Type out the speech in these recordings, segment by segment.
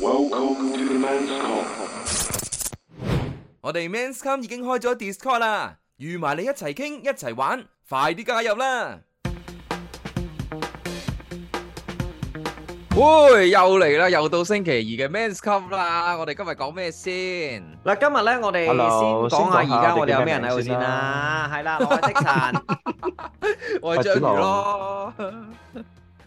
Welcome to the men's come。我哋 men's come 已經開咗 Discord 啦，預埋你一齊傾一齊玩，快啲加入啦！喂，又嚟啦，又到星期二嘅 men's come 啦。我哋今日講咩先？嗱，今日咧我哋先講下而家我哋有咩人喺度先啦。係啦，我係日新，我係章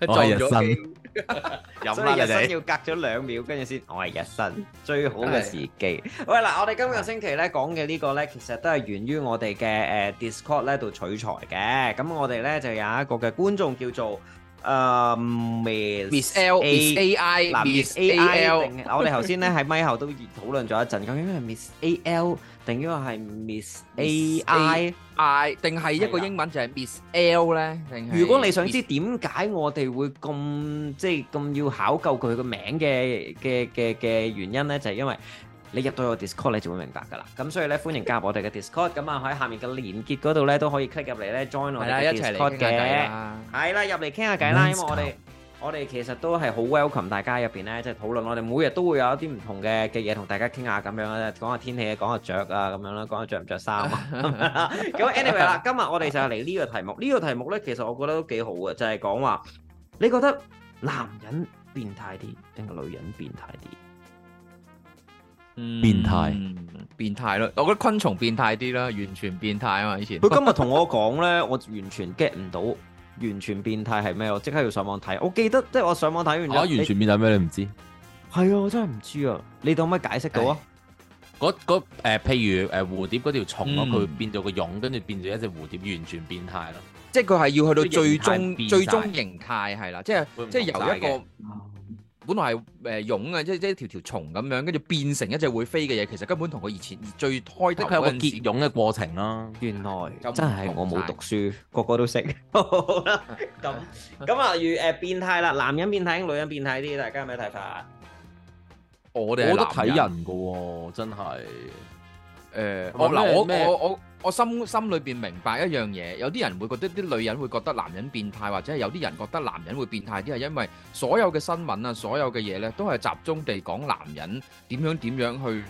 魚，章魚。 吧所以日新要隔咗兩秒，跟住先，我係日新最好嘅時機。喂，嗱，我哋今個星期咧講嘅呢個咧，其實都係源於我哋嘅誒 Discord 咧度取材嘅。咁我哋咧就有一個嘅觀眾叫做。誒 Miss L，Miss AI，嗱 Miss AI 定？我哋頭先咧喺咪後都討論咗一陣，究竟係 Miss AL 定係 Miss AI I，定係一個英文就係 Miss L 咧？如果你想知點解我哋會咁，即係咁要考究佢個名嘅嘅嘅嘅原因咧，就係因為。你入到個 Discord，你就會明白㗎喇。咁所以咧，歡迎加入我哋嘅 Discord。咁啊，喺下面嘅連結嗰度咧，都可以 click 入嚟咧 join 我哋嘅 Discord 嘅。係喇，入嚟傾下偈啦。因為我哋我哋其實都係好 welcome 大家入面咧，即係討論。我哋每日都會有一啲唔同嘅嘅嘢同大家傾下咁樣咧，講下天氣啊，講下著啊咁樣啦，講下著唔著衫啊。咁 anyway 啦，今日我哋就嚟呢個題目。呢個題目咧，其實我覺得都幾好嘅，就係講話你覺得男人變態啲定個女人變態啲？變態、嗯，變態咯！我覺得昆蟲變態啲啦，完全變態你啊嘛，以前。佢今日同我講咧，我完全 get 唔到，完全變態係咩？我即刻要上網睇。我記得即係我上網睇完啦。吓，完全變態咩？你唔知？係啊，我真係唔知啊！你哋可唔可以解釋到啊？嗰嗰誒，譬如誒蝴蝶嗰條蟲咯，佢變咗個蛹，跟住變咗一隻蝴蝶，完全變態咯。即係佢係要去到最終最終形態係啦，即係即係由一個。本來係誒蛹啊，即即一條條蟲咁樣，跟住變成一隻會飛嘅嘢，其實根本同佢以前最開，都係一個結蛹嘅過程啦。原來真係我冇讀書，個個都識。好啦，咁咁啊，如誒變態啦，男人變態定女人變態啲？大家有咩睇法？我哋我都睇人噶，真係誒，我嗱我我我。我心心裏面明白一樣嘢，有啲人會覺得啲女人會覺得男人變態，或者係有啲人覺得男人會變態啲，係因為所有嘅新聞啊，所有嘅嘢呢，都係集中地講男人點樣點樣去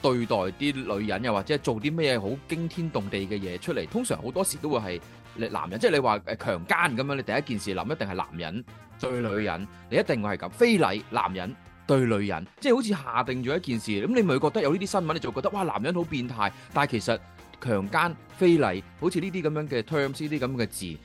對待啲女人，又或者做啲咩好驚天動地嘅嘢出嚟。通常好多時都會係男人，即係你話誒強姦咁樣，你第一件事諗一定係男人對女人，你一定會係咁非禮男人對女人，即係好似下定咗一件事咁，你咪覺得有呢啲新聞你就覺得哇男人好變態，但係其實。強姦、非禮，好似呢啲咁樣嘅 terms，呢啲咁嘅字，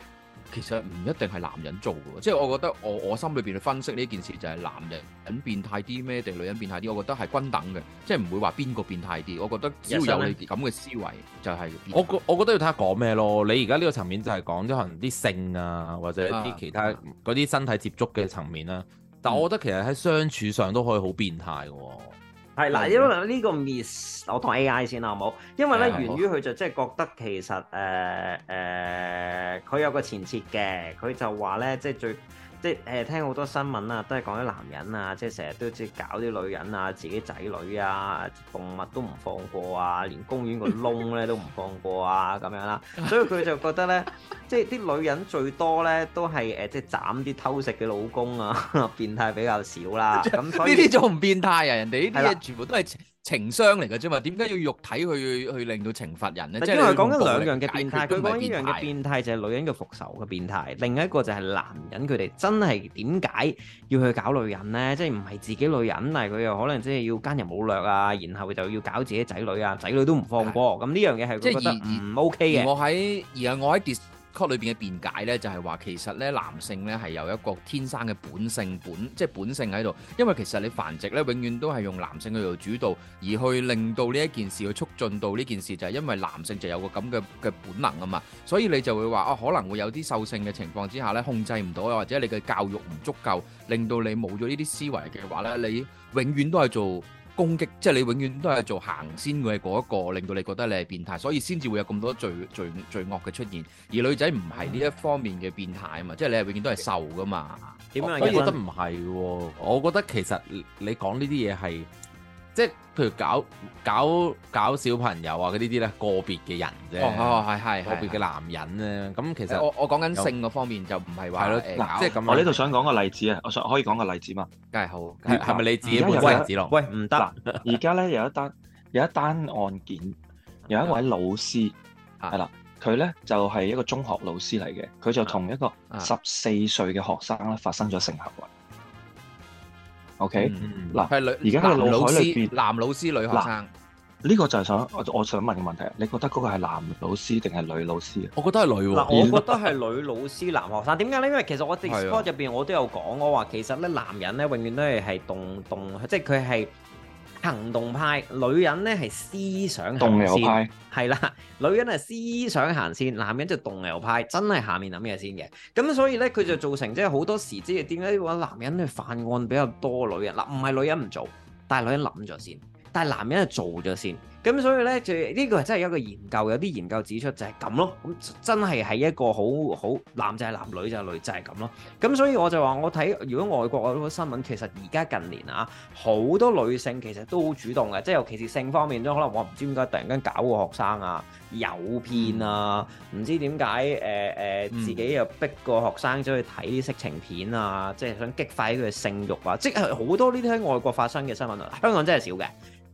其實唔一定係男人做嘅。即係我，我，我，我，我，我覺得，我我心裏邊去分析呢件事就係男人變態啲咩定女人變態啲？我覺得係均等嘅，即係唔會話邊個變態啲。我覺得只要有你啲咁嘅思維，就係變態。我覺我覺得要睇下講咩咯。你而家呢個層面就係講啲可能啲性啊，或者一啲其他嗰啲身體接觸嘅層面啦、啊。但我覺得其實喺相處上都可以好變態嘅、哦。係嗱，因為呢個 miss，我同 A I 先啦，好唔好？因為咧，源於佢就即係覺得其實誒誒，佢、呃呃、有個前設嘅，佢就話咧，即係最。即係誒、呃，聽好多新聞啊，都係講啲男人啊，即係成日都即係搞啲女人啊，自己仔女啊，動物都唔放過啊，連公園個窿咧都唔放過啊，咁樣啦，所以佢就覺得咧， 即係啲女人最多咧都係誒，即係斬啲偷食嘅老公啊，變態比較少啦。咁呢啲仲唔變態啊？人哋呢啲嘢全部都係。情商嚟嘅啫嘛，點解要肉體去去令到懲罰人呢？即係因為講緊兩樣嘅變態，佢講一樣嘅變態就係女人嘅復仇嘅變態，另一個就係男人佢哋真係點解要去搞女人呢？即係唔係自己女人，但係佢又可能即係要奸人冇略啊，然後就要搞自己仔女啊，仔女都唔放過。咁呢樣嘢係即係而唔 OK 嘅。我喺而我喺。曲裏邊嘅辯解呢，就係話其實呢男性呢係有一個天生嘅本性本，即係本性喺度。因為其實你繁殖呢，永遠都係用男性去做主導，而去令到呢一件事去促進到呢件事，就係因為男性就有個咁嘅嘅本能啊嘛。所以你就會話啊，可能會有啲獸性嘅情況之下呢，控制唔到，又或者你嘅教育唔足夠，令到你冇咗呢啲思維嘅話呢，你永遠都係做。攻擊即係你永遠都係做行先嘅嗰一個，令到你覺得你係變態，所以先至會有咁多罪罪罪惡嘅出現。而女仔唔係呢一方面嘅變態啊嘛，即係你係永遠都係受㗎嘛。點啊？我，我覺得唔係喎， 我覺得其實你講呢啲嘢係。即係譬如搞搞搞小朋友啊嗰啲啲咧個別嘅人啫，哦，係係個別嘅男人咧。咁其實我我講緊性嗰方面就唔係話係咯，即係咁我呢度想講個例子啊，我想可以講個例子嘛。梗係好，係咪你自己冇例子咯？喂，唔得喇，而家咧有一單有一單案件，有一位老師係啦，佢咧就係一個中學老師嚟嘅，佢就同一個十四歲嘅學生咧發生咗性行為。O K，嗱，而家個腦海裏邊，男老師，男老師，女學生，呢個就係想我我想問嘅問題，你覺得嗰個係男老師定係女老師？我覺得係女喎，嗱，我覺得係女老師，男學生。點解呢？因為其實我直播入邊我都有講，我話其實咧男人咧永遠都係係動動，即係佢係。行動派，女人咧係思想行先，係啦，女人係思想行先，男人就動搖派，真係下面諗嘢先嘅。咁所以咧，佢就造成即係好多時，即係點解話男人去犯案比較多，女人嗱唔係女人唔做，但係女人諗咗先，但係男人係做咗先。咁所以咧，就、這、呢個係真係一個研究，有啲研究指出就係咁咯。咁真係係一個好好男仔、係男女就係女仔係咁咯。咁所以我就話，我睇如果外國嗰個新聞，其實而家近年啊，好多女性其實都好主動嘅，即係尤其是性方面都可能我唔知點解突然間搞個學生啊，誘騙啊，唔、嗯、知點解誒誒，自己又逼個學生出去睇啲色情片啊，嗯、即係想激發佢嘅性慾啊，即係好多呢啲喺外國發生嘅新聞啊，香港真係少嘅。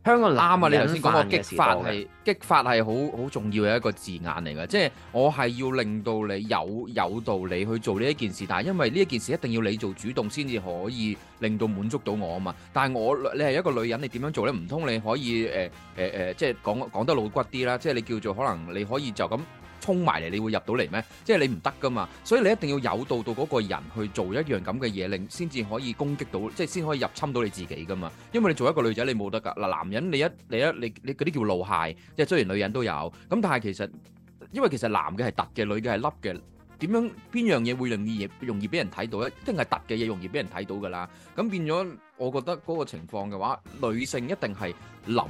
香港啱啊！你頭先講個激發係激發係好好重要嘅一個字眼嚟嘅，即係我係要令到你有有道理去做呢一件事，但係因為呢一件事一定要你做主動先至可以令到滿足到我啊嘛。但係我你係一個女人，你點樣做咧？唔通你可以誒誒誒，即係講講得露骨啲啦，即係你叫做可能你可以就咁。攻埋嚟，你會入到嚟咩？即係你唔得噶嘛，所以你一定要誘導到嗰個人去做一樣咁嘅嘢，你先至可以攻擊到，即係先可以入侵到你自己噶嘛。因為你做一個女仔，你冇得噶。嗱，男人你一你一你你嗰啲叫露械，即係雖然女人都有，咁但係其實因為其實男嘅係凸嘅，女嘅係凹嘅。點樣邊樣嘢會容易容易俾人睇到咧？一定係凸嘅嘢容易俾人睇到噶啦。咁變咗，我覺得嗰個情況嘅話，女性一定係諗。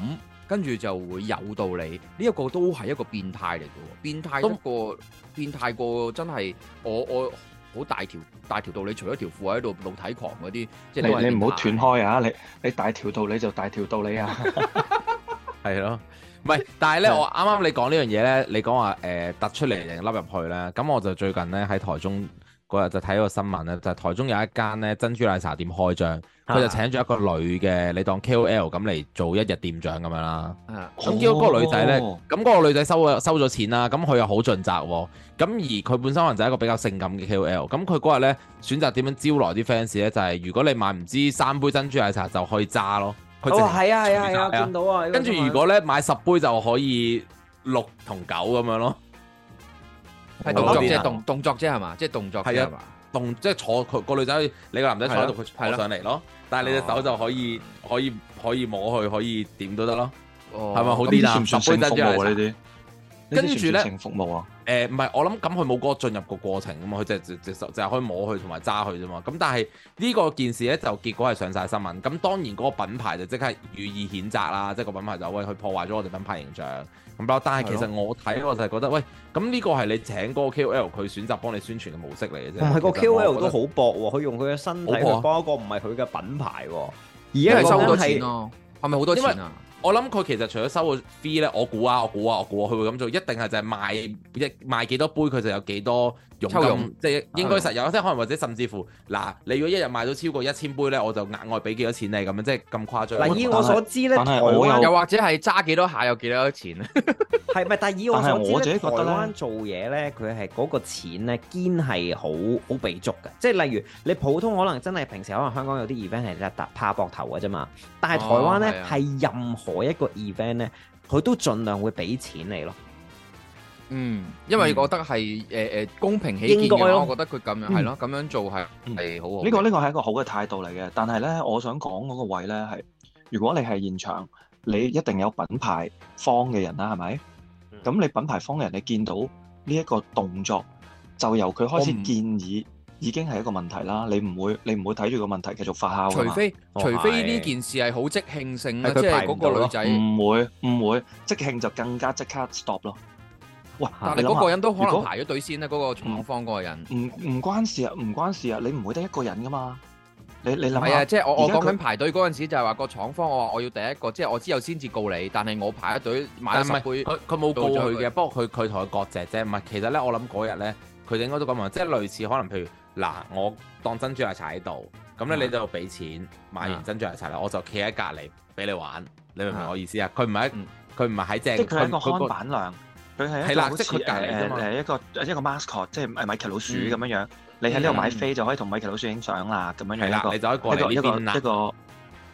跟住就會有道理，呢一個都係一個變態嚟嘅，變態過都變態過真係我我好大條大條道理，除咗條褲喺度露體狂嗰啲，即係你你唔好斷開啊！你你大條道理就大條道理啊，係咯， 唔係，但係咧， 我啱啱你講呢樣嘢咧，你講話誒突出嚟，凹入去咧，咁我就最近咧喺台中。嗰日就睇個新聞咧，就係、台中有一間咧珍珠奶茶店開張，佢就請咗一個女嘅，啊、你當 KOL 咁嚟做一日店長咁樣啦。咁叫嗰個女仔咧，咁嗰、哦、個女仔收收咗錢啦，咁佢又好盡責喎、哦。咁而佢本身可能就係一個比較性感嘅 KOL，咁佢嗰日咧選擇點樣招來啲 fans 咧，就係、係、如果你買唔知三杯珍珠奶茶就可以揸咯。哦，係啊，係啊，係啊，啊，啊，見到啊。跟住如果咧買十杯就可以六同九咁樣咯。係動作，即係動動作啫，係嘛、嗯？即係動，動作，係啊！動即係、就是、坐佢個女仔，你個男仔坐喺度，佢爬的上嚟咯。的但係你隻手就可以，啊、可以，可以摸佢，可以點都得咯。係咪、哦、好啲啊？咁算唔算服務呢啲？跟住咧，誒，唔係我諗咁，佢冇嗰個進入個過程啊嘛，佢就就就就係可以摸佢同埋揸佢啫嘛。咁但係呢個件事咧，就結果係上晒新聞。咁當然嗰個品牌就即刻予以譴責啦，即係個品牌就喂，佢破壞咗我哋品牌形象咁。但係其實我睇我就係覺得，喂，咁呢個係你請嗰個 KOL 佢選擇幫你宣傳嘅模式嚟嘅啫。唔係個 KOL 都好薄，哦，佢用佢嘅身體去幫一個唔係佢嘅品牌。啊、而家係收好多錢咯，係咪好多錢啊？我諗佢其實除咗收個 fee 咧，我估啊，我估啊，我估啊，佢會咁做，一定係就係賣一賣幾多杯佢就有幾多佣金。即係應該實有，即可能或者甚至乎嗱，你如果一日賣到超過一千杯咧，我就額外俾幾多錢你咁樣，即係咁誇張。嗱、哦，以我所知咧，是台灣又或者係揸幾多下有幾多錢咧？係 咪？但係依我所知咧，台灣做嘢咧，佢係嗰個錢咧堅係好好被捉嘅。即係例如你普通可能真係平時可能香港有啲 event 係咧拍膊頭嘅啫嘛，但係台灣咧係任何。哦我一個 event 咧，佢都盡量會俾錢你咯。嗯，因為我覺得係誒誒公平起見，我覺得佢咁樣係咯，咁、嗯、樣做係係、嗯、好。呢、這個呢、這個係一個好嘅態度嚟嘅。但係咧，我想講嗰個位咧係，如果你係現場，你一定有品牌方嘅人啦，係咪？咁、嗯、你品牌方嘅人你見到呢一個動作，就由佢開始建議。已經係一個問題啦，你唔會你唔會睇住個問題繼續發酵啊嘛！除非哇除非呢件事係好即興性，即係嗰個女仔唔會唔會即興就更加即刻 stop 咯。喂，但係嗰個人都可能排咗隊先啦，嗰個廠方嗰個人。唔唔關事啊，唔關事啊，你唔會得一個人噶嘛？你你諗啊？即係我我講緊排隊嗰陣時就係話個廠方，我話我要第一個，即係我之後先至告你，但係我排隊買十倍佢冇告佢嘅，不過佢佢同佢個姐姐唔係，其實咧我諗嗰日咧。佢應該都咁啊，即係類似可能譬如嗱、啊，我當珍珠奶茶喺度，咁咧你就度俾錢買完珍珠奶茶啦，我就企喺隔離俾你玩，你明唔明我意思啊？佢唔係一，佢唔係喺正。即係佢一個看板量，佢係一個。係啦，即係佢隔離啫嘛。係一個一個 Mascot，即係米奇老鼠咁樣樣。嗯、你喺呢度買飛就可以同米奇老鼠影相啦，咁樣樣 yeah, 一個 yeah, 一個一個一個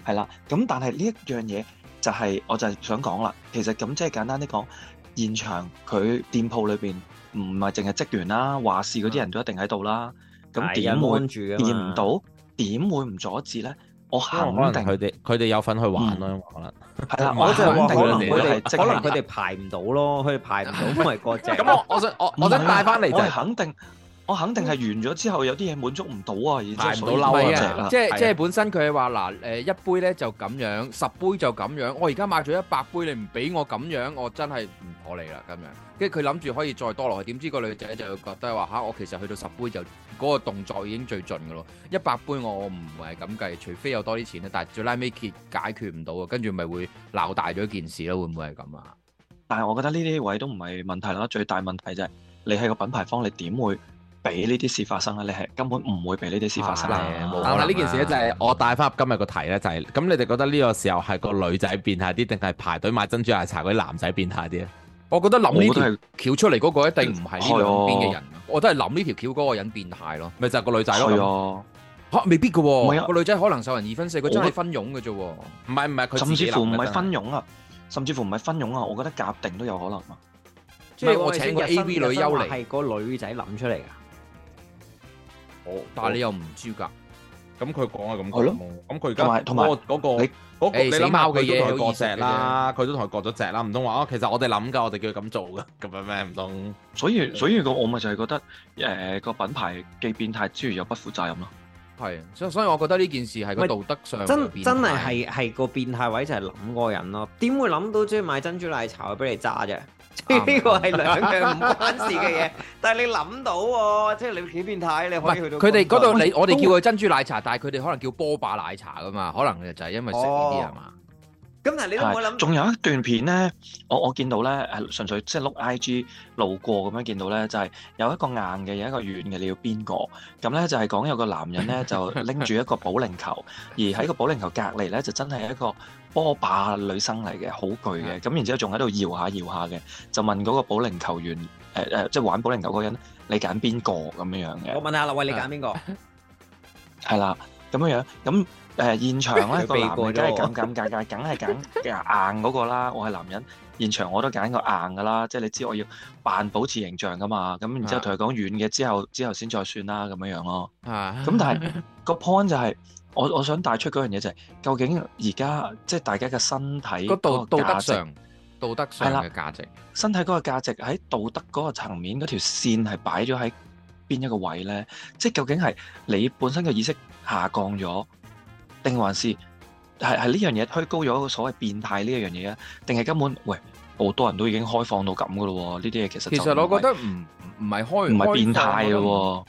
係啦。咁但係呢一樣嘢就係，我就想講啦。其實咁即係簡單啲講，現場佢店鋪裏邊。唔係淨係職員啦，話事嗰啲人都一定喺度啦。咁點會阻唔到？點會唔阻止咧？我肯定佢哋佢哋有份去玩咯，可能係啦。我可能佢哋可能佢哋排唔到咯，佢哋排唔到，唔係過咁我我想我想帶翻嚟就肯定，我肯定係完咗之後有啲嘢滿足唔到啊，而排唔到嬲啊！即即係本身佢話嗱，誒一杯咧就咁樣，十杯就咁樣。我而家買咗一百杯，你唔俾我咁樣，我真係我嚟啦，咁樣，跟住佢諗住可以再多落去，點知個女仔就會覺得話嚇、啊，我其實去到十杯就嗰、嗰個動作已經最盡噶咯。一百杯我我唔係咁計，除非有多啲錢。但係最拉尾結解決唔到啊，跟住咪會鬧大咗件事咯。會唔會係咁啊？但係我覺得呢啲位都唔係問題啦。最大問題就係、是、你係個品牌方，你點會俾呢啲事發生咧？你係根本唔會俾呢啲事發生。啊啊、但係呢件事咧就係我帶翻今日個題咧，就係、是、咁。你哋覺得呢個時候係個女仔變態啲，定係排隊買珍珠奶茶嗰個男仔變態啲咧？我覺得諗呢條橋出嚟嗰個一定唔係呢兩邊嘅人，啊、我都係諗呢條橋嗰個人變態咯，咪就係、是、個女仔咯、啊啊。未必噶、啊，個、啊、女仔可能受人二分四，佢真係分佣嘅啫。唔係唔係，甚至乎唔係分佣啊，甚至乎唔係分佣啊，我覺得夾定都有可能啊。即係我請個 A V 女優嚟，係個女仔諗出嚟㗎。好，但係你又唔知噶。咁佢講係咁講，咁佢而家同埋同埋嗰個嗰個死貓嘅嘢，佢都割只啦，佢都同佢割咗只啦。唔通話：，哦，其實我哋諗噶，我哋叫佢咁做噶，咁樣咩？唔通，所以所以個我咪就係覺得，誒個品牌既變態之餘又不負責任咯。係，所所以我覺得呢件事係個道德上真真係係係個變態位就係諗個人咯，點會諗到中意買珍珠奶茶去俾你揸啫？呢個係兩樣唔關事嘅嘢，但係你諗到喎，即係你幾變態，你可以去到佢哋嗰度。你，我哋叫佢珍珠奶茶，但係佢哋可能叫波霸奶茶噶嘛，可能就係因為食呢啲係嘛？咁但係你我諗，仲有一段片咧，我我見到咧係純粹即係碌 IG 路過咁樣見到咧，就係有一個硬嘅，有一個軟嘅，你要邊個？咁咧就係講有個男人咧就拎住一個保齡球，而喺個保齡球隔離咧就真係一個。波霸女生嚟嘅，好攰嘅，咁然之後仲喺度搖下搖下嘅，就問嗰個保齡球員，誒、呃、誒，即係玩保齡球嗰人，你揀邊個咁樣樣嘅？我問下啦，喂，你揀邊個？係啦，咁樣樣，咁誒、呃、現場咧， 過個男人梗係咁。揀揀揀，梗係揀硬嗰個啦。我係男人，現場我都揀個硬噶啦，即係你知我要扮保持形象噶嘛。咁然後之後同佢講軟嘅，之後之後先再算啦，咁樣樣咯。咁 但係、個 point 就係、是。我我想帶出嗰樣嘢就係、是，究竟而家即係大家嘅身體個道德上道德上嘅價值，係喇，身體嗰個價值喺道德嗰個層面嗰條線係擺咗喺邊一個位咧？即係究竟係你本身嘅意識下降咗，定還是係係呢樣嘢虛高咗？所謂變態呢一樣嘢咧，定係根本喂好多人都已經開放到咁嘅咯？呢啲嘢其實其實我覺得唔唔係開唔係變態嘅喎、哦。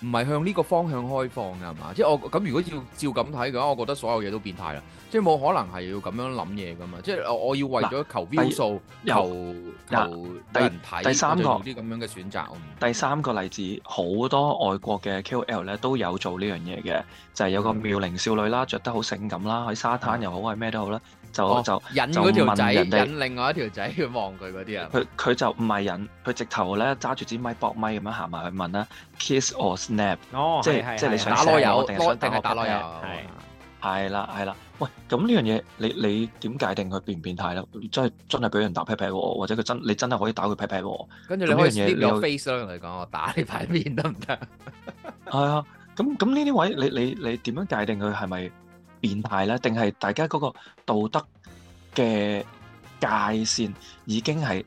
唔係向呢個方向開放㗎，係咪？即係我咁，如果要照咁睇嘅話，我覺得所有嘢都變態啦。即係冇可能係要咁樣諗嘢噶嘛！即係我我要為咗求 view 數、求求有人睇，就做啲咁樣嘅選擇。第三個例子，好多外國嘅 KOL 咧都有做呢樣嘢嘅，就係有個妙齡少女啦，着得好性感啦，喺沙灘又好，係咩都好啦，就就引嗰條仔引另外一條仔去望佢嗰啲人。佢佢就唔係引，佢直頭咧揸住支咪搏咪咁樣行埋去問啦，kiss or snap，即係即係你想打裸友定想定係打裸友？係啦，係啦。喂，咁呢樣嘢，你你點界定佢變唔變態咧？真係真係俾人打屁屁喎，或者佢真你真係可以打佢屁屁喎。跟住著你，你可以用 face 咧嚟講，我打你塊面得唔得？係 啊，咁咁呢啲位，你你你點樣界定佢係咪變態咧？定係大家嗰個道德嘅界線已經係？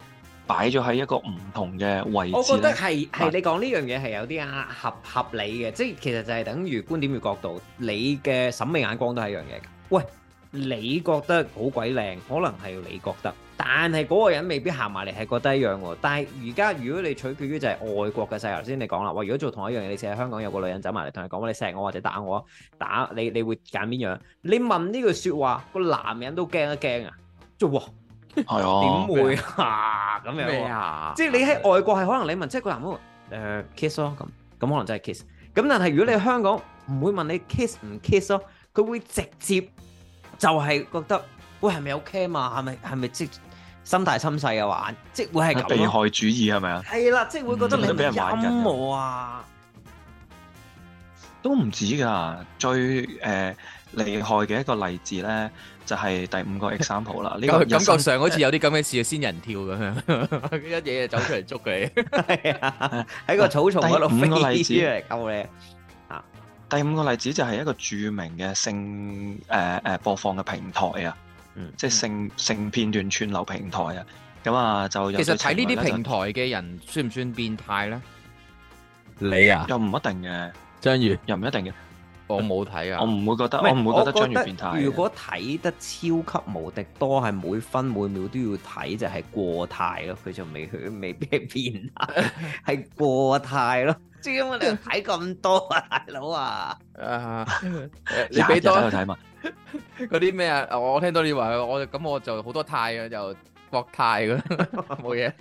擺咗喺一個唔同嘅位置，我覺得係係你講呢樣嘢係有啲啊合合理嘅，即係其實就係等於觀點與角度，你嘅審美眼光都係一樣嘢。喂，你覺得好鬼靚，可能係你覺得，但係嗰個人未必行埋嚟係覺得一樣喎。但係而家如果你取決於就係外國嘅勢，頭先你講啦，喂，如果做同一樣嘢，你成日香港有個女人走埋嚟同你講話，你錫我或者打我啊，打你，你會揀邊樣？你問呢句説話，個男人都驚一驚啊，做喎。係啊，點會啊咁樣？啊？麼即係你喺外國係可能你問，即係個男嘅誒 kiss 咯，啊，咁咁可能真係 kiss。咁但係如果你喺香港唔會問你 kiss 唔 kiss 咯，啊，佢會直接就係覺得，喂係咪 OK 嘛？係咪係咪即係心大心細嘅話，即係會係咁被害主義係咪啊？係啦，即係會覺得你陰我啊！都唔止㗎，最誒、呃、厲害嘅一個例子咧。就係第五個 example 啦，呢個感覺上好似有啲咁嘅事，仙人跳咁樣，一嘢就走出嚟捉佢，係啊，喺個草叢嗰度飛。第五個例子，第五個例子就係一個著名嘅性誒誒播放嘅平台啊，即係性性片段串流平台啊，咁啊就其實睇呢啲平台嘅人算唔算變態咧？你啊，又唔一定嘅。張宇又唔一定嘅。我冇睇啊！我唔會覺得，明我唔會覺得章魚變態。如果睇得超級無敵多，係每分每秒都要睇，就係、是、過態咯。佢就未去，未必係變態，係 過態咯。點解我哋睇咁多啊，大佬啊，啊？你俾多睇 嘛？嗰啲咩啊？我聽到你話，我咁我就好多態啊，就博泰嘅，冇 嘢。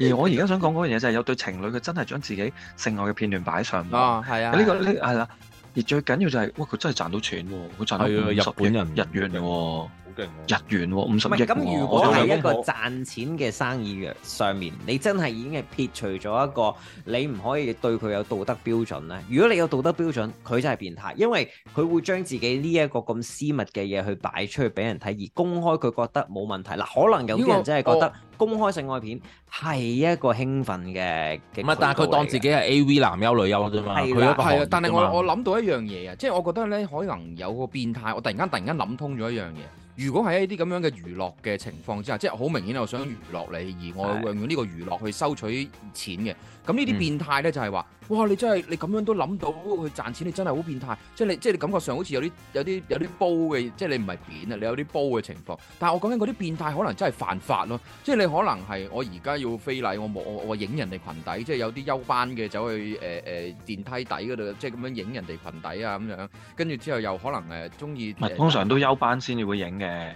而我而家想講嗰樣嘢就係有對情侶佢真係將自己性愛嘅片段擺上網，係、哦、啊，呢、呢個呢係啦。而最緊要就係，哇！佢真係賺到錢喎、啊，佢賺到五十億，日本人日元嚟喎。 日元喎、哦，五十蚊。咁如果係一個賺錢嘅生意上面， 你真係已經係撇除咗一個你唔可以對佢有道德標準呢。如果你有道德標準，佢真係變態，因為佢會將自己呢一個咁私密嘅嘢去擺出去俾人睇，而公開佢覺得冇問題嗱、啊。可能有啲人真係覺得公開性愛片係一個興奮嘅。咁啊，但係佢當自己係 A.V. 男優女優啫嘛，係，但係我我諗到一樣嘢啊，即係我覺得呢可能有個變態，我突然間突然間諗通咗一樣嘢。如果喺一啲咁樣嘅娛樂嘅情況之下，即係好明顯，我想娛樂你，而我會用呢個娛樂去收取錢嘅，咁呢啲變態咧就係話。哇！你真係你咁樣都諗到去賺錢，你真係好變態。即係你即係你感覺上好似有啲有啲有啲煲嘅，即係你唔係扁啊！你有啲煲嘅情況。但係我講緊嗰啲變態，可能真係犯法咯。即係你可能係我而家要非禮我冇我我影人哋裙底，即係有啲休班嘅走去誒誒、呃呃、電梯底嗰度，即係咁樣影人哋裙底啊咁樣。跟住之後又可能誒鍾意，呃、通常都休班先至會影嘅。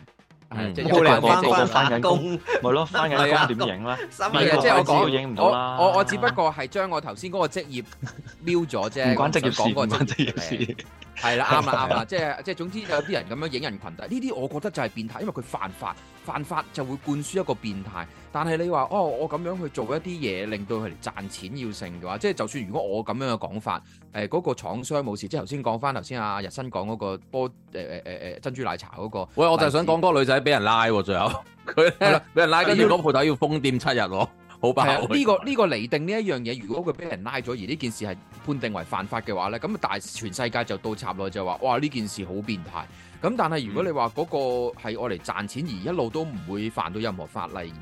係，即係又扮翻工，翻緊工，咪咯，翻緊工點影啦？唔係啊，即係我講，我我我只不過係將我頭先嗰個職業瞄咗啫。唔關職嘅講嗰陣，係啦，啱啦，啱啦。即係即係，總之有啲人咁樣影人群體，呢啲我覺得就係變態，因為佢犯法，犯法就會灌輸一個變態。但係你話哦，我咁樣去做一啲嘢，令到佢哋賺錢要性嘅話，即係就算如果我咁樣嘅講法。誒，嗰、呃那個廠商冇事，即係頭先講翻頭先阿日新講嗰個波誒誒誒誒珍珠奶茶嗰、那個，喂，我就係想講嗰個女仔俾人拉，仲有佢咧俾人拉，跟住嗰鋪頭要封店七日咯，好呢、 嗯這個呢、 這個厘、這個、定呢一樣嘢，如果佢俾人拉咗，而呢件事係判定為犯法嘅話咧，咁但係，全世界就倒插內就話，哇，呢件事好變態。咁但係如果你話嗰個係我嚟賺錢，而一路都唔會犯到任何法例。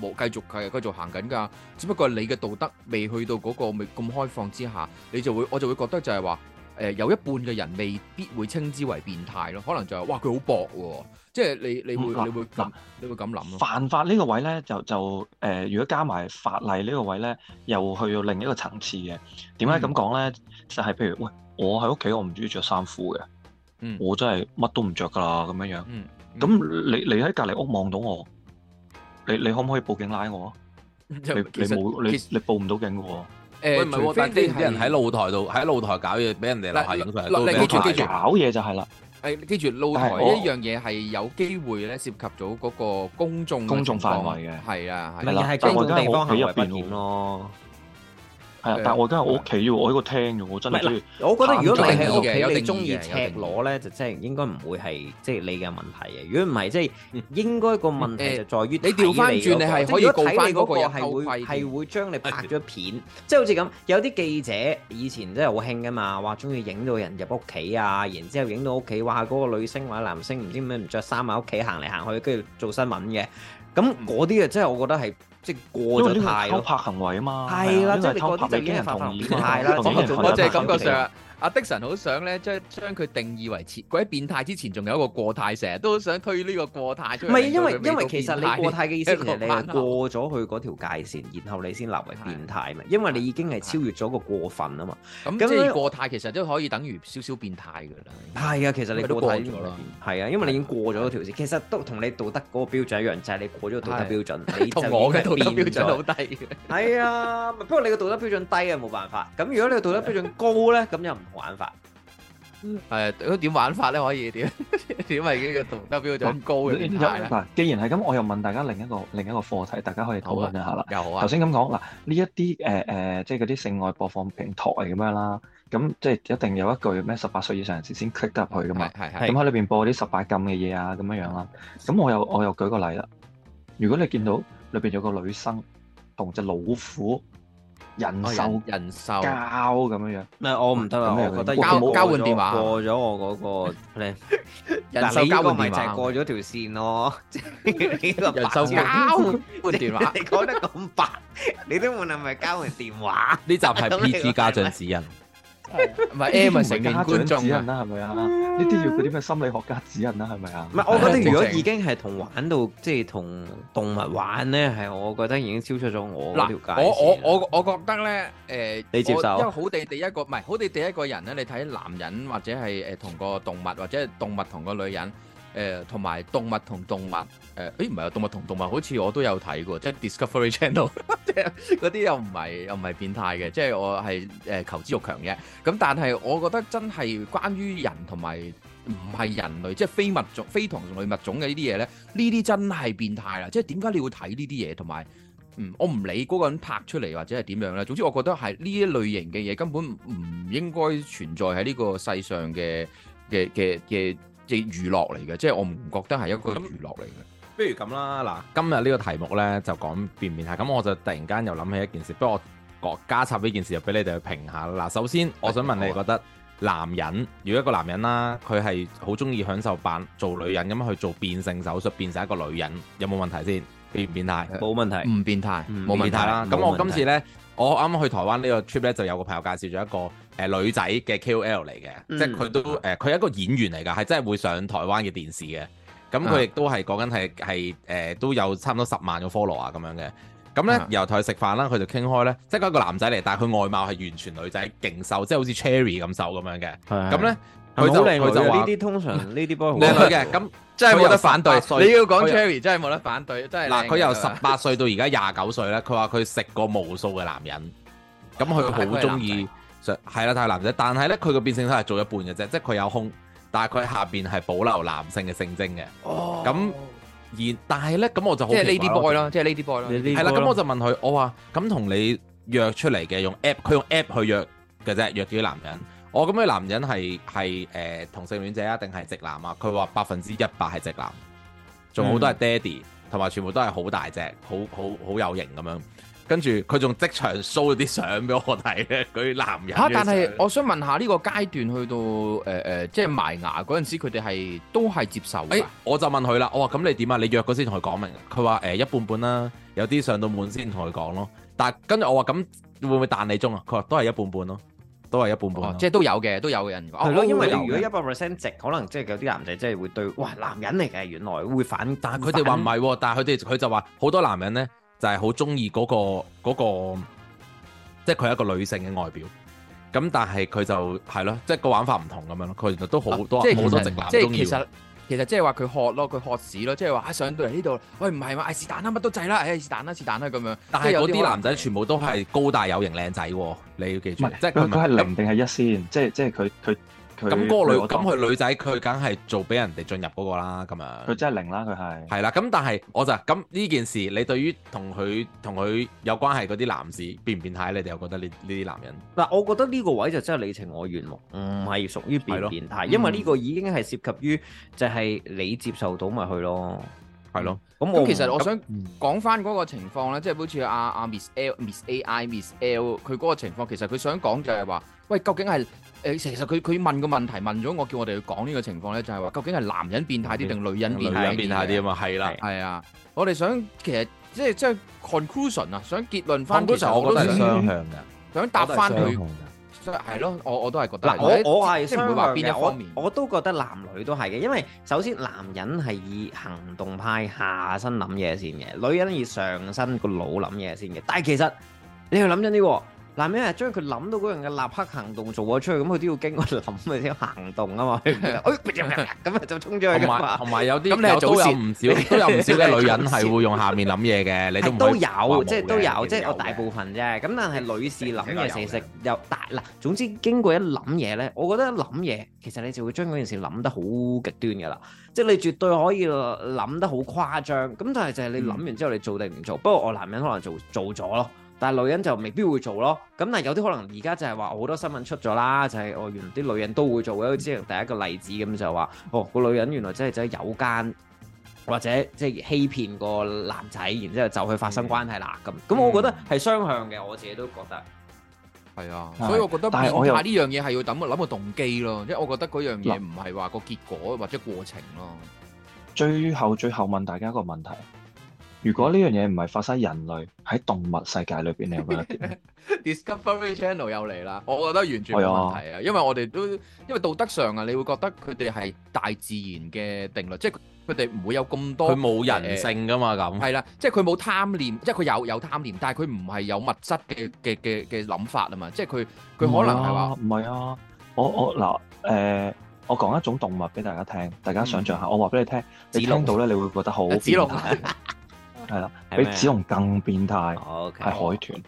冇繼續繼續行緊噶，只不過你嘅道德未去到嗰個未咁開放之下，你就會我就會覺得就係話誒有一半嘅人未必會稱之為變態咯，可能就係、是、哇佢好薄喎，即係你你會你會諗你會咁諗咯。犯法呢個位咧就就誒、呃，如果加埋法例呢個位咧，又去到另一個層次嘅。點解咁講咧？嗯、就係譬如喂，我喺屋企我唔中意着衫褲嘅、嗯嗯，嗯，我真係乜都唔着噶啦咁樣樣，嗯，咁你你喺隔離屋望到我。你你可唔可以報警拉我？你你冇你你報唔到警嘅喎。誒唔係喎，但係啲人喺露台度，喺露台搞嘢，俾人哋樓下影咗相。嗱，你記住記住，搞嘢就係啦。誒記住露台一樣嘢係有機會咧涉及到嗰個公眾公眾範圍嘅。係啊，係啦，但係我覺得好危險咯。但我而家的我屋企喎，我喺個廳嘅喎，真係、啊。我覺得如果你喺屋企，你中意赤裸咧，就即係應該唔會係即係你嘅問題嘅。如果唔係，即係應該個問題就在於你調翻轉，你係可以睇翻嗰個係會係會將你拍咗片，的即係好似咁。有啲記者以前真係好興㗎嘛，話中意影到人入屋企啊，然之後影到屋企，話嗰個女星或者男星唔知咩唔着衫喺屋企行嚟行去，跟住做新聞嘅。咁嗰啲啊，即係我覺得係。嗯即過咗啲嘅偷拍行為啊嘛，係啦、啊，因為、啊、偷拍你經人同意嘅，係 啦，我就係感覺上。 阿的神好想咧，將將佢定義為佢喺變態之前仲有一個過態，成日都想推呢個過態出嚟。唔係，因為因為其實你過態嘅意思係你過咗去嗰條界線，然後你先立為變態嘛。因為你已經係超越咗個過分啊嘛。咁即係過態其實都可以等於少少變態㗎啦。係啊，其實你都過態係啊，因為你已經過咗嗰條線。其實都同你道德嗰個標準一樣，就係你過咗個道德標準，你同我嘅道德標準好低。係啊，不過你嘅道德標準低啊，冇辦法。咁如果你嘅道德標準高咧，咁又唔？玩法係果點玩法咧，可以點點係呢？ 個同 W 咁高嘅。既然係咁，我又問大家另一個另一個課題，大家可以討論一下啦。有啊，頭先咁講嗱，呢一啲誒誒，即係嗰啲性愛播放平台咁樣啦，咁即係一定有一句咩十八歲以上人士先 click 得入去噶嘛。係，係。咁喺裏邊播啲十八禁嘅嘢啊，咁樣樣啦。咁我又我又舉個例啦。如果你見到裏邊有個女生同隻老虎。人獸、哦、人獸交咁樣樣，咩、哦？我唔得喇我覺得交換電話過咗我嗰個 plan，人獸交換電話，嗱你呢個唔係過咗條線咯， 人獸交換電話，你講得咁白，你都換係咪交換電話？呢集係 PG 家長指引。 唔係 m 咪成年觀眾指引啦，係咪啊？呢啲 要嗰啲咩心理學家指引啦，係咪啊？唔係，我覺得如果已經係同玩到，即係同動物玩咧，係我覺得已經超出咗我嗰條界線了啦，我我我我覺得咧，誒、呃，你接受，因為好地第一個唔係好地第一個人咧，你睇男人或者係誒同個動物或者動物同個女人。誒同埋動物同動物誒，哎唔係啊，動物同動物好似我都有睇過，即係 Discovery Channel，嗰 啲又唔係又唔係變態嘅，即係我係誒求知欲強嘅。咁但係我覺得真係關於人同埋唔係人類，即係非物種、非同類物種嘅呢啲嘢咧，呢啲真係變態啦！即係點解你會睇呢啲嘢同埋？嗯，我唔理嗰個人拍出嚟或者係點樣啦。總之我覺得係呢一類型嘅嘢根本唔應該存在喺呢個世上嘅嘅嘅嘅。即娛樂嚟嘅，即係我唔覺得係一個娛樂嚟嘅。不如咁啦，嗱，今日呢個題目呢就講變唔變態，咁我就突然間又諗起一件事，不過我加插呢件事又俾你哋去評下啦。嗱，首先我想問你覺得男人如果一個男人啦，佢係好鍾意享受扮做女人咁樣去做變性手術，變成一個女人，有冇問題先？變唔變態？冇問題，唔變態，冇問題啦。咁態我今次呢。我啱啱去台灣個呢個 trip 咧，就有個朋友介紹咗一個誒、呃、女仔嘅 KOL 嚟嘅，嗯、即係佢都誒，佢、呃、係一個演員嚟㗎，係真係會上台灣嘅電視嘅。咁佢亦都係講緊係係誒，都有差唔多十萬個 follow、er、啊咁樣嘅。咁咧，然後同佢食飯啦，佢就傾開咧，即係一個男仔嚟，但係佢外貌係完全女仔，勁瘦，即係好似 Cherry 咁瘦咁樣嘅。咁咧。佢好靚，佢就話呢啲通常呢啲波好 y 靚嘅，咁真係冇得反對。你要講 Cherry 真係冇得反對，真係。嗱，佢由十八歲到而家廿九歲咧，佢話佢食過無數嘅男人，咁佢好中意。實係啦，佢係男仔，但係咧佢個變性都係做一半嘅啫，即係佢有胸，但係佢下邊係保留男性嘅性徵嘅。哦。咁而但係咧，咁我就好即係 Lady Boy 咯，即係 Lady Boy 咯。係啦，咁我就問佢，我話咁同你約出嚟嘅用 app，佢用 app 去約嘅啫，約啲男人。我咁嘅男人係係誒同性戀者啊，定係直男啊？佢話百分之一百係直男，仲好多係爹地，同埋全部都係好大隻，好好好有型咁樣。跟住佢仲即場 show 咗啲相俾我睇咧，嗰啲男人嚇、啊。但係我想問下呢、呢個階段去到誒誒、呃呃，即係埋牙嗰陣時，佢哋係都係接受？誒、欸，我就問佢啦，我話咁你點啊？你約嗰先同佢講明、啊。佢話誒一半半啦、啊，有啲上到門先同佢講咯。但係跟住我話咁會唔會彈你鐘啊？佢話都係一半半咯、啊。都係一半半、哦，即係都有嘅，都有人。係咯、哦，了因為你如果一百 percent 直，可能即係有啲男仔即係會對，哇！男人嚟嘅原來會反，但係佢哋話唔係喎，但係佢哋佢就話好多男人咧就係好中意嗰個嗰、嗰個，即係佢係一個女性嘅外表。咁但係佢就係咯、嗯，即係個玩法唔同咁樣咯。佢、啊、都其實都好多好多直男中意。即其實即係話佢學咯，佢學屎咯，即係話啊上到嚟呢度，喂唔係嘛，哎是但啦，乜啊都制啦，哎是但啦是但啦咁樣。但係嗰啲男仔全部都係高大有型靚仔喎，你要記住。唔係，即係佢係零定係一先，即係即係佢佢。咁嗰個女，咁佢女仔，佢梗係做俾人哋進入嗰個啦，咁樣。佢真係零啦，佢係。係啦，咁但係我就咁呢件事，你對於同佢同佢有關係嗰啲男士變唔變態，你哋又覺得呢？呢啲男人？嗱，我覺得呢個位就真係你情我願喎，唔係、嗯、屬於變態，的因為呢個已經係涉及於就係你接受到咪、就是、去咯，係咯。咁我其實我想、嗯、講翻嗰個情況咧，即、就、係、是、好似阿阿 Miss L、Miss AI、Miss L 佢嗰個情況，其實佢想講就係話，喂，究竟係？誒，其實佢佢問個問題問咗我，叫我哋去講呢個情況咧，就係話究竟係男人變態啲定女人變態啲啊？男人變態啲啊嘛，係啦，係啊，我哋想其實即係即係 conclusion 啊，想結論翻 conclusion，我都係雙向嘅，想答翻佢，係咯，我我都係覺得，我我係即係唔會話邊一方面，我都覺得男女都係嘅，因為首先男人係以行動派下身諗嘢先嘅，女人以上身個腦諗嘢先嘅，但係其實你去諗緊啲喎。男人係將佢諗到嗰樣嘅立刻行動做咗出去，咁佢都要經過諗，咪先行動啊嘛。哎，咁啊就衝咗去。同埋有啲，咁你早有唔少，都有唔少嘅女人係會用下面諗嘢嘅，你都都有，即係都有，即係我大部分啫。咁但係女士諗嘅其實又大嗱，總之經過一諗嘢咧，我覺得一諗嘢其實你就會將嗰件事諗得好極端噶啦，即係你絕對可以諗得好誇張。咁但係就係你諗完之後你做定唔做？不過我男人可能做做咗咯。但係女人就未必會做咯，咁但係有啲可能而家就係話好多新聞出咗啦，就係、是、哦原來啲女人都會做嘅，只係第一個例子咁就話哦個女人原來真係真係有奸或者即係欺騙個男仔，然之後就去發生關係啦咁。咁、嗯、我覺得係雙向嘅，我自己都覺得係啊，是所以我覺得但評價呢樣嘢係要諗諗個動機咯，即係我覺得嗰樣嘢唔係話個結果或者過程咯。最後最後問大家一個問題。如果呢樣嘢唔係發生人類喺動物世界裏邊，你有冇得 Dis covery Channel 又嚟啦，我覺得完全冇問題啊，哎、呀因為我哋都因為道德上啊，你會覺得佢哋係大自然嘅定律，即係佢哋唔會有咁多佢冇人性噶嘛，咁係啦，即係佢冇貪念，即係佢有有貪念，但係佢唔係有物質嘅嘅嘅嘅諗法啊嘛，即係佢佢可能係話唔係啊，我我嗱誒，我講、呃、一種動物俾大家聽，大家想象下，嗯、我話俾你，你聽，子龍你聽到咧，你會覺得好變態子龍 係啦，比紫龍更變態，係海豚。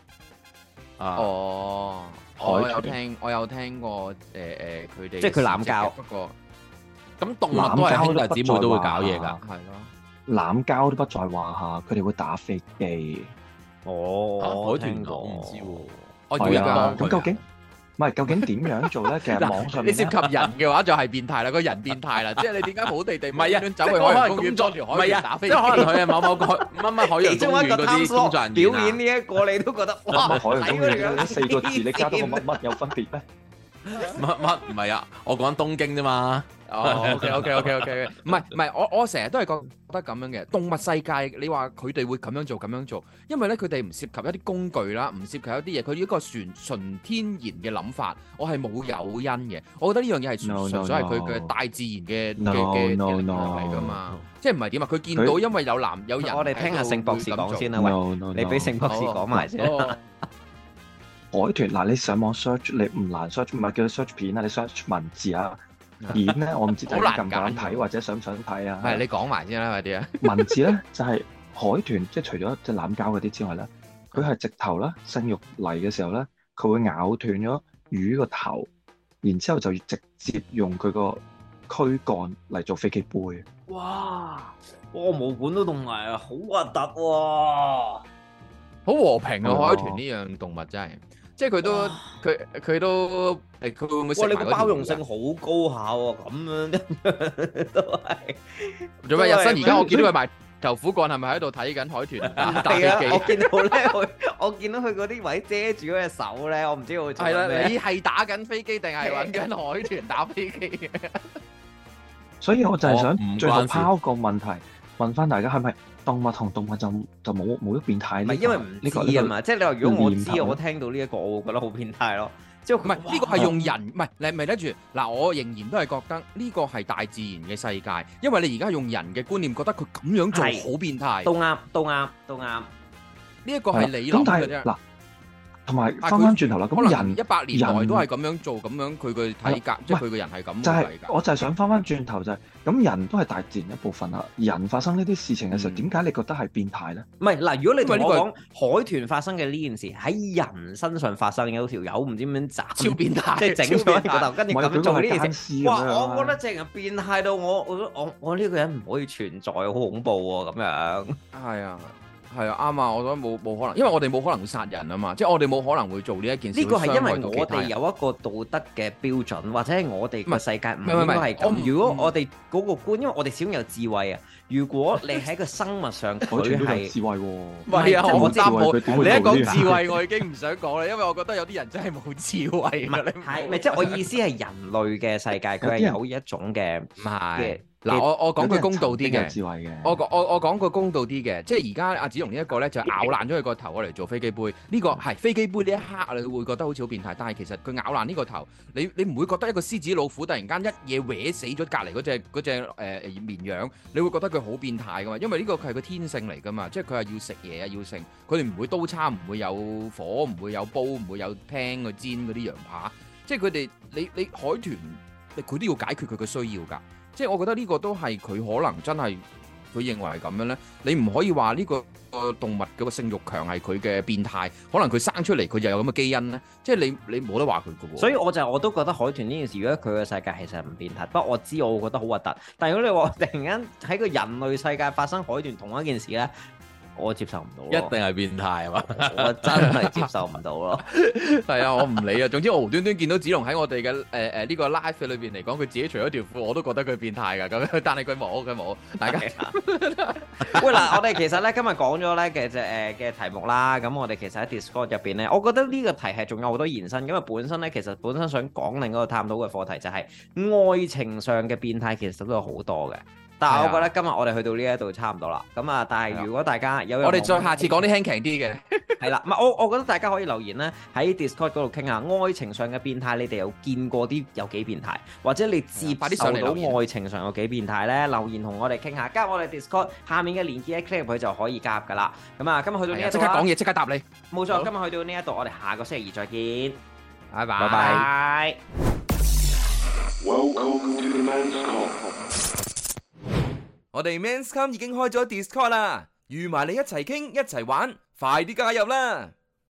哦，我有聽，我有聽過，誒誒，佢哋即係佢濫交，不過咁動物都係姐妹都會搞嘢噶，係咯，濫交都不在話下，佢哋會打飛機。哦，海豚講，唔知喎，係啊，咁究竟？唔係，究竟點樣做呢？其實網上你涉及人嘅話，就係變態啦。個人變態啦，即係你點解好地地唔係啊？走去海洋公園，捉住海豹打飛機，啊、即係可能佢某某個乜乜 海洋公園嗰啲工作人員、啊、表演呢一個，你都覺得哇！乜乜海洋公園嗰啲四個字，你加多個乜乜有分別咩？乜乜唔係啊？我講東京啫嘛。哦，OK，OK，OK，OK，唔係唔係，我我成日都係覺得咁樣嘅動物世界，你話佢哋會咁樣做咁樣做，因為咧佢哋唔涉及一啲工具啦，唔涉及一啲嘢，佢一個純純天然嘅諗法，我係冇有，有因嘅，我覺得呢樣嘢係純粹係佢嘅大自然嘅噶嘛，no, no, no, no. No, no, no, no. 即係唔係點啊？佢見到因為有男有人，我哋聽下聖博士講先啦，喂，no, no, no, no. 你俾聖博士講埋先，oh, oh, oh. 海豚嗱，你上網 search，你唔難 search，唔係叫你 search 片啊，你 search 文字啊。演咧，我唔知大家近排睇或者想唔想睇啊？係 你講埋先啦，快啲啊！ 文字咧就係、是、海豚，即係除咗濫交嗰啲之外咧，佢係直頭啦。性慾嚟嘅時候咧，佢會咬斷咗魚個頭，然之後就直接用佢個軀幹嚟做飛機杯。哇！我毛管都凍埋啊，好核突喎！好和平啊，哦、海豚呢樣動物真係～即係佢都佢佢都誒佢會唔會食埋佢？哇！你個包容性好高下喎，咁樣都係。做咩？日新，而家我見到佢埋頭苦幹，係咪喺度睇緊海豚打飛機？我見到咧，我我見到佢嗰啲位遮住嗰隻手咧，我唔知佢係啦。你係打緊飛機定係玩緊海豚打飛機嘅？所以我就係想最後拋個問題問翻大家，係咪？動物同動物就就冇冇咁變態。唔係是、這個、因為唔呢、啊這個嘢啊嘛，即係你話如果我知頭我聽到呢、這、一個，我會覺得好變態咯。即係唔係呢個係用人？唔係哇你係咪諗住嗱？我仍然都係覺得呢個係大自然嘅世界，因為你而家用人嘅觀念覺得佢咁樣做好變態。都啱，都啱、啊，都啱、啊。呢一個係你諗嘅啫。同埋翻翻轉頭啦，咁人一百年人都係咁樣做，咁樣佢個體格，即係佢個人係咁真㗎。係我就係想翻翻轉頭就係，咁人都係大自然一部分啦。人發生呢啲事情嘅時候，點解你覺得係變態咧？唔係嗱，如果你同我講海豚發生嘅呢件事喺人身上發生嘅條友唔知點樣斬，超變態，即係整錯架頭，跟住咁做呢件事。哇！我覺得淨係變態到我，我我我呢個人唔可以存在，好恐怖喎咁樣。係啊。係啊，啱啊，我覺得冇冇可能，因為我哋冇可能會殺人啊嘛，即係我哋冇可能會做呢一件事。呢個係因為我哋有一個道德嘅標準，或者係我哋個世界唔係咁。如果我哋嗰個觀，因為我哋始終有智慧啊。如果你喺個生物上，佢係智慧喎。啊，我答你一講智慧，我已經唔想講啦，因為我覺得有啲人真係冇智慧啊。你係即係我意思係人類嘅世界，佢係有一種嘅。唔係。嗱，我我講句公道啲嘅，我我我講句公道啲嘅，即係而家阿紫龍呢一個咧，就咬爛咗佢個頭，我嚟做飛機杯呢、呢個係飛機杯呢一刻，你會覺得好似好變態，但係其實佢咬爛呢個頭，你你唔會覺得一個獅子老虎突然間一嘢搲死咗隔離嗰隻隻誒誒綿羊，你會覺得佢好變態噶嘛？因為呢個佢係個天性嚟噶嘛，即係佢係要食嘢啊，要食佢哋唔會刀叉，唔會有火，唔會有煲，唔會有 pan 去煎嗰啲羊扒，即係佢哋你你，你，你海豚佢都要解決佢嘅需要㗎。即係我覺得呢個都係佢可能真係佢認為係咁樣咧，你唔可以話呢個個動物嗰個性慾強係佢嘅變態，可能佢生出嚟佢就有咁嘅基因咧。即係你你冇得話佢嘅喎。所以我就我都覺得海豚呢件事，如果佢嘅世界其實唔變態，不過我知我會覺得好核突。但係如果你話我突然間喺個人類世界發生海豚同一件事咧。我接受唔到，一定係變態吖嘛！ 我真係接受唔到咯，係 啊，我唔理啊。總之我無端端見到子龍喺我哋嘅誒誒呢個 live 裏邊嚟講，佢自己除咗條褲，我都覺得佢變態㗎。咁但係佢冇，佢冇，大家 喂嗱，我哋其實咧今日講咗咧嘅隻誒嘅題目啦。咁我哋其實喺 Discord 入邊咧，我覺得呢個題係仲有好多延伸。因為本身咧，其實本身想講另一個探討嘅課題就係、是、愛情上嘅變態，其實都有好多嘅。但係我覺得今日我哋去到呢一度差唔多啦，咁啊！但係如果大家有我哋再下次講啲輕鬆啲嘅，係啦，唔我我覺得大家可以留言咧，喺 Discord 嗰度傾下，愛情上嘅變態你哋有見過啲有幾變態，或者你接受到愛情上有幾變態咧？留言同我哋傾下，加入我哋 Discord 下面嘅鏈接 click 入去就可以加入噶啦。咁啊，今日去到呢一度，即刻講嘢，即刻答你，冇錯。今日去到呢一度，我哋下個星期二再見，拜拜。我哋 Men's Come 已經開咗 Discord 啦，預埋你一齊傾一齊玩，快啲加入啦！